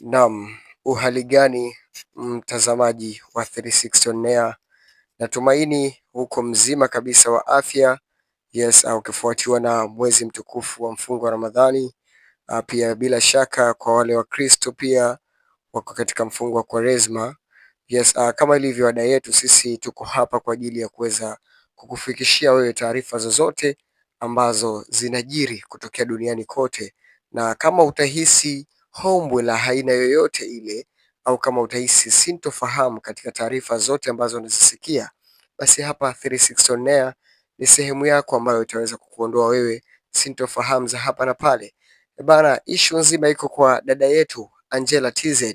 Naam, uhali gani mtazamaji wa 360 on air? Natumaini huko mzima kabisa wa afya. Yes, ukifuatiwa na mwezi mtukufu wa mfungo wa Ramadhani. Ah, pia bila shaka kwa wale wa Kristo pia wako katika mfungo wa Kwaresma. Yes, ah, kama ilivyo ada yetu, sisi tuko hapa kwa ajili ya kuweza kukufikishia wewe taarifa zozote ambazo zinajiri kutokea duniani kote, na kama utahisi hombwe la aina yoyote ile, au kama utahisi sintofahamu katika taarifa zote ambazo unazisikia, basi hapa 36 on air ni sehemu yako ambayo itaweza kukuondoa wewe sintofahamu za hapa na pale. E bana, ishu nzima iko kwa dada yetu Angela TZ.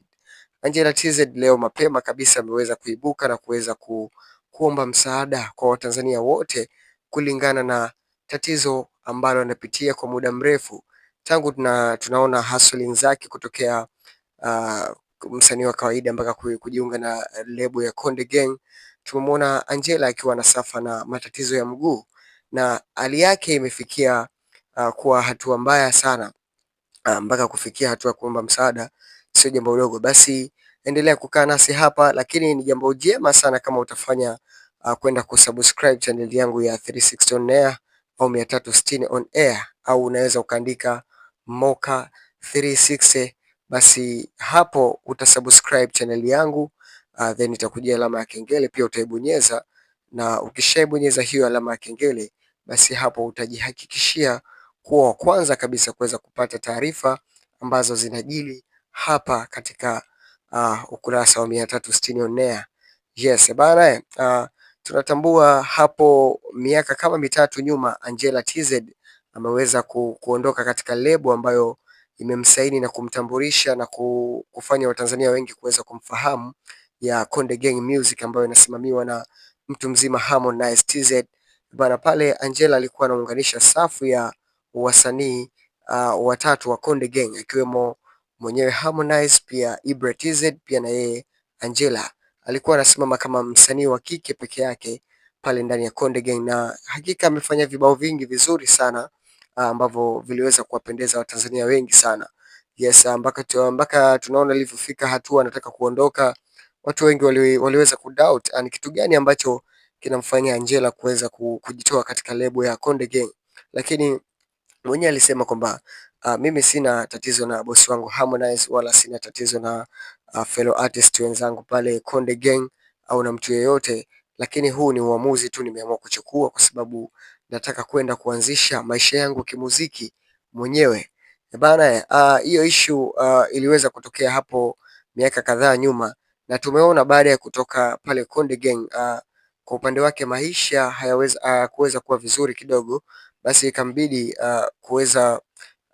Angela TZ leo mapema kabisa ameweza kuibuka na kuweza ku, kuomba msaada kwa Watanzania wote kulingana na tatizo ambalo anapitia kwa muda mrefu tangu tuna, tunaona hustling zake kutokea uh, msanii wa kawaida mpaka kujiunga na lebo ya Konde Gang. Tumemwona Angela akiwa na safa na matatizo ya mguu na hali yake imefikia uh, kuwa hatua mbaya sana uh, mpaka kufikia hatua kuomba msaada sio jambo dogo. Basi endelea kukaa nasi hapa, lakini ni jambo jema sana kama utafanya uh, kwenda kusubscribe channel yangu ya 360 on air au 360 on air, au unaweza ukaandika Moka 360 basi hapo utasubscribe chaneli yangu uh, then itakujia alama ya kengele pia utaibonyeza, na ukishaibonyeza hiyo alama ya kengele, basi hapo utajihakikishia kuwa wa kwanza kabisa kuweza kupata taarifa ambazo zinajili hapa katika uh, ukurasa wa mia on air. Yes bana, uh, tunatambua hapo miaka kama mitatu nyuma Angela TZ ameweza ku, kuondoka katika lebo ambayo imemsaini na kumtambulisha na kufanya Watanzania wengi kuweza kumfahamu ya Konde Gang Music ambayo inasimamiwa na mtu mzima Harmonize TZ. Bana pale Angela alikuwa anaunganisha safu ya wasanii uh, watatu wa Konde Gang akiwemo mwenyewe Harmonize, pia Ibra TZ, pia na yeye Angela alikuwa anasimama kama msanii wa kike peke yake pale ndani ya Konde Gang, na hakika amefanya vibao vingi vizuri sana. Ah, ambavyo viliweza kuwapendeza Watanzania wengi sana. Yes, ah, mpaka mpaka tunaona ilivyofika hatua anataka kuondoka, watu wengi wali, waliweza kudoubt ah, ni kitu gani ambacho kinamfanya Angela kuweza kujitoa katika lebo ya Konde Gang, lakini mwenyewe alisema kwamba uh, mimi sina tatizo na bosi wangu Harmonize wala sina tatizo na uh, fellow artist wenzangu pale Konde Gang au na mtu yeyote, lakini huu ni uamuzi tu nimeamua kuchukua kwa sababu nataka kwenda kuanzisha maisha yangu kimuziki mwenyewe bana. Ah, hiyo ishu uh, ah, iliweza kutokea hapo miaka kadhaa nyuma, na tumeona baada ya kutoka pale Konde Gang uh, kwa upande wake maisha hayaweza uh, kuweza kuwa vizuri kidogo, basi ikambidi uh, kuweza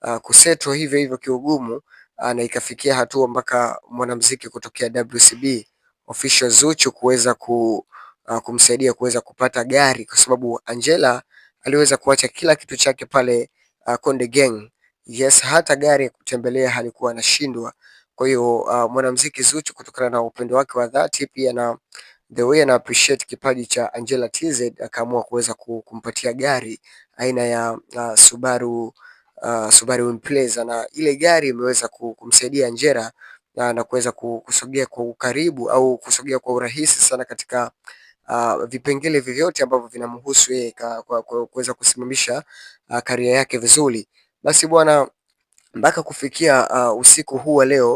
uh, kusetwa hivyo hivyo kiugumu uh, na ikafikia hatua mpaka mwanamuziki kutokea WCB official Zuchu kuweza ku, uh, kumsaidia kuweza kupata gari kwa sababu Angela aliweza kuacha kila kitu chake pale uh, Konde Gang. Yes, hata gari ya kutembelea halikuwa anashindwa. Kwa hiyo uh, mwanamuziki Zuchu kutokana na upendo wake wa dhati pia na the way ana appreciate kipaji cha Angela TZ akaamua kuweza kumpatia gari aina ya uh, Subaru uh, Subaru Impreza na ile gari imeweza kumsaidia Angela na, uh, na kuweza kusogea kwa ukaribu au kusogea kwa urahisi sana katika uh, vipengele vyovyote ambavyo vinamhusu yeye kuweza kusimamisha uh, karia yake vizuri. Basi bwana, mpaka kufikia uh, usiku huu wa leo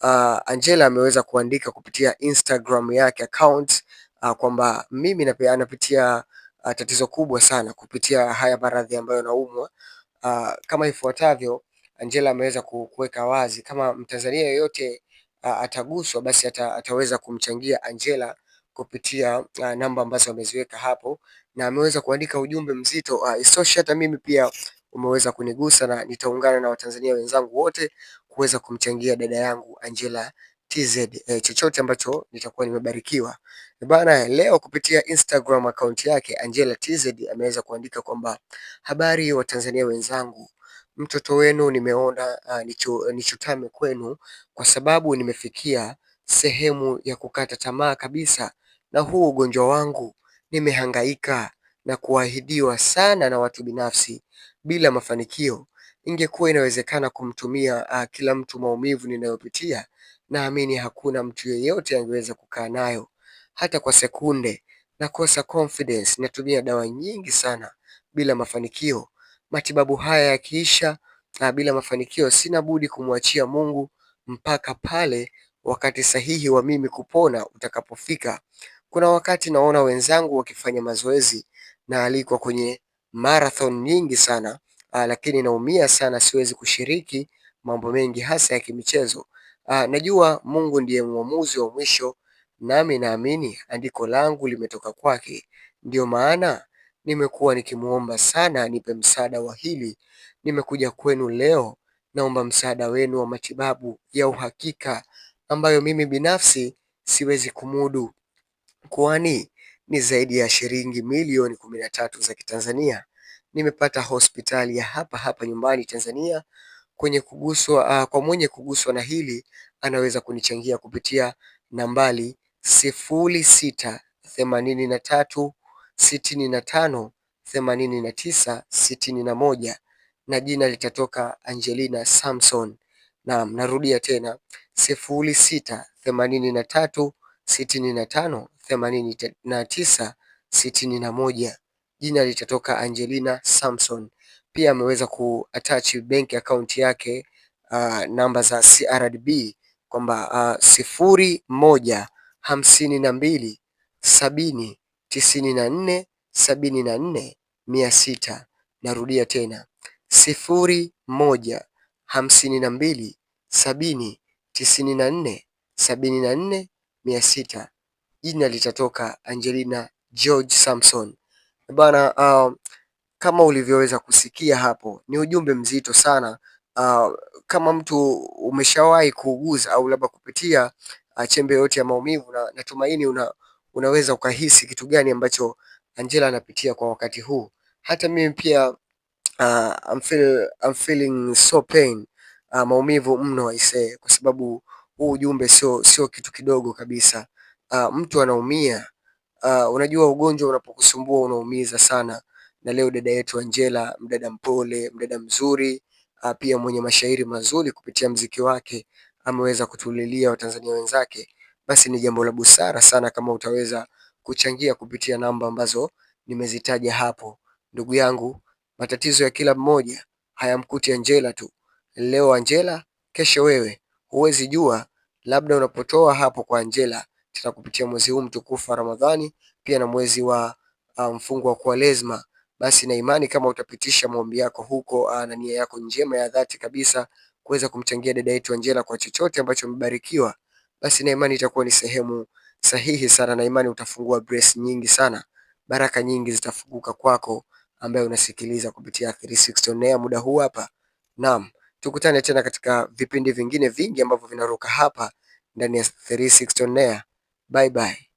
uh, Angela ameweza kuandika kupitia Instagram yake account uh, kwamba mimi anapitia uh, tatizo kubwa sana kupitia haya maradhi ambayo naumwa uh, kama ifuatavyo. Angela ameweza kuweka wazi kama Mtanzania yeyote uh, ataguswa basi ata, ataweza kumchangia Angela kupitia uh, namba ambazo ameziweka hapo, na ameweza kuandika ujumbe mzito uh, isitoshe hata mimi pia umeweza kunigusa, na nitaungana na Watanzania wenzangu wote kuweza kumchangia dada yangu Angela TZ eh, chochote ambacho nitakuwa nimebarikiwa eh, bana. Leo kupitia Instagram account yake Angela TZ ameweza kuandika kwamba habari Watanzania wenzangu mtoto wenu nimeona uh, nichutame kwenu kwa sababu nimefikia sehemu ya kukata tamaa kabisa na huu ugonjwa wangu, nimehangaika na kuahidiwa sana na watu binafsi bila mafanikio. Ingekuwa inawezekana kumtumia uh, kila mtu maumivu ninayopitia, naamini hakuna mtu yeyote angeweza kukaa nayo hata kwa sekunde. Nakosa confidence, natumia dawa nyingi sana bila mafanikio. Matibabu haya yakiisha ah, bila mafanikio, sina budi kumwachia Mungu mpaka pale wakati sahihi wa mimi kupona utakapofika. Kuna wakati naona wenzangu wakifanya mazoezi, naalikwa kwenye marathon nyingi sana, ah, lakini naumia sana, siwezi kushiriki mambo mengi hasa ya kimichezo. Ah, najua Mungu ndiye mwamuzi wa mwisho, nami naamini andiko langu limetoka kwake. ndio maana nimekuwa nikimuomba sana nipe msaada wa hili. Nimekuja kwenu leo, naomba msaada wenu wa matibabu ya uhakika ambayo mimi binafsi siwezi kumudu kwani ni zaidi ya shilingi milioni kumi na tatu za Kitanzania nimepata hospitali ya hapa hapa nyumbani Tanzania. Kwenye kuguswa, uh, kwa mwenye kuguswa na hili anaweza kunichangia kupitia nambari sifuri sita themanini na tatu sitini na tano themanini na tisa sitini na moja na jina litatoka Angelina Samson. Naam, narudia tena sifuri sita themanini na tatu sitini na tano themanini na tisa sitini na moja. Jina litatoka Angelina Samson. Pia ameweza kuattach bank account yake uh, namba za CRDB kwamba uh, sifuri moja hamsini na mbili sabini tisini na nne sabini na nne mia sita. Narudia tena sifuri moja hamsini na mbili sabini tisini na nne sabini na nne mia sita. Jina litatoka Angelina George Samson. Bana, uh, kama ulivyoweza kusikia hapo ni ujumbe mzito sana. Uh, kama mtu umeshawahi kuuguza au labda kupitia uh, chembe yote ya maumivu na, natumaini una, unaweza ukahisi kitu gani ambacho Angela anapitia kwa wakati huu. Hata mimi pia uh, I'm feel, I'm feeling so pain uh, maumivu mno aisee, kwa sababu huu ujumbe sio sio kitu kidogo kabisa. Uh, mtu anaumia. Uh, unajua ugonjwa unapokusumbua unaumiza sana, na leo dada yetu Angela, mdada mpole, mdada mzuri, uh, pia mwenye mashairi mazuri, kupitia mziki wake ameweza kutulilia Watanzania wenzake. Basi ni jambo la busara sana kama utaweza kuchangia kupitia namba ambazo nimezitaja hapo. Ndugu yangu, matatizo ya kila mmoja hayamkuti Angela tu. Leo Angela, kesho wewe huwezi jua, labda unapotoa hapo kwa Angela tena kupitia mwezi huu mtukufu wa Ramadhani pia na mwezi wa ah, mfungo wa Kwaresma, basi na imani kama utapitisha maombi yako huko uh, na nia yako njema ya dhati kabisa kuweza kumchangia dada yetu Angela kwa chochote ambacho umebarikiwa, basi na imani itakuwa ni sehemu sahihi sana, na imani utafungua bless nyingi sana, baraka nyingi zitafunguka kwako ambaye unasikiliza kupitia 360 On Air muda huu hapa. Naam. Tukutane tena katika vipindi vingine vingi ambavyo vinaruka hapa ndani ya 360 On Air. Bye bye.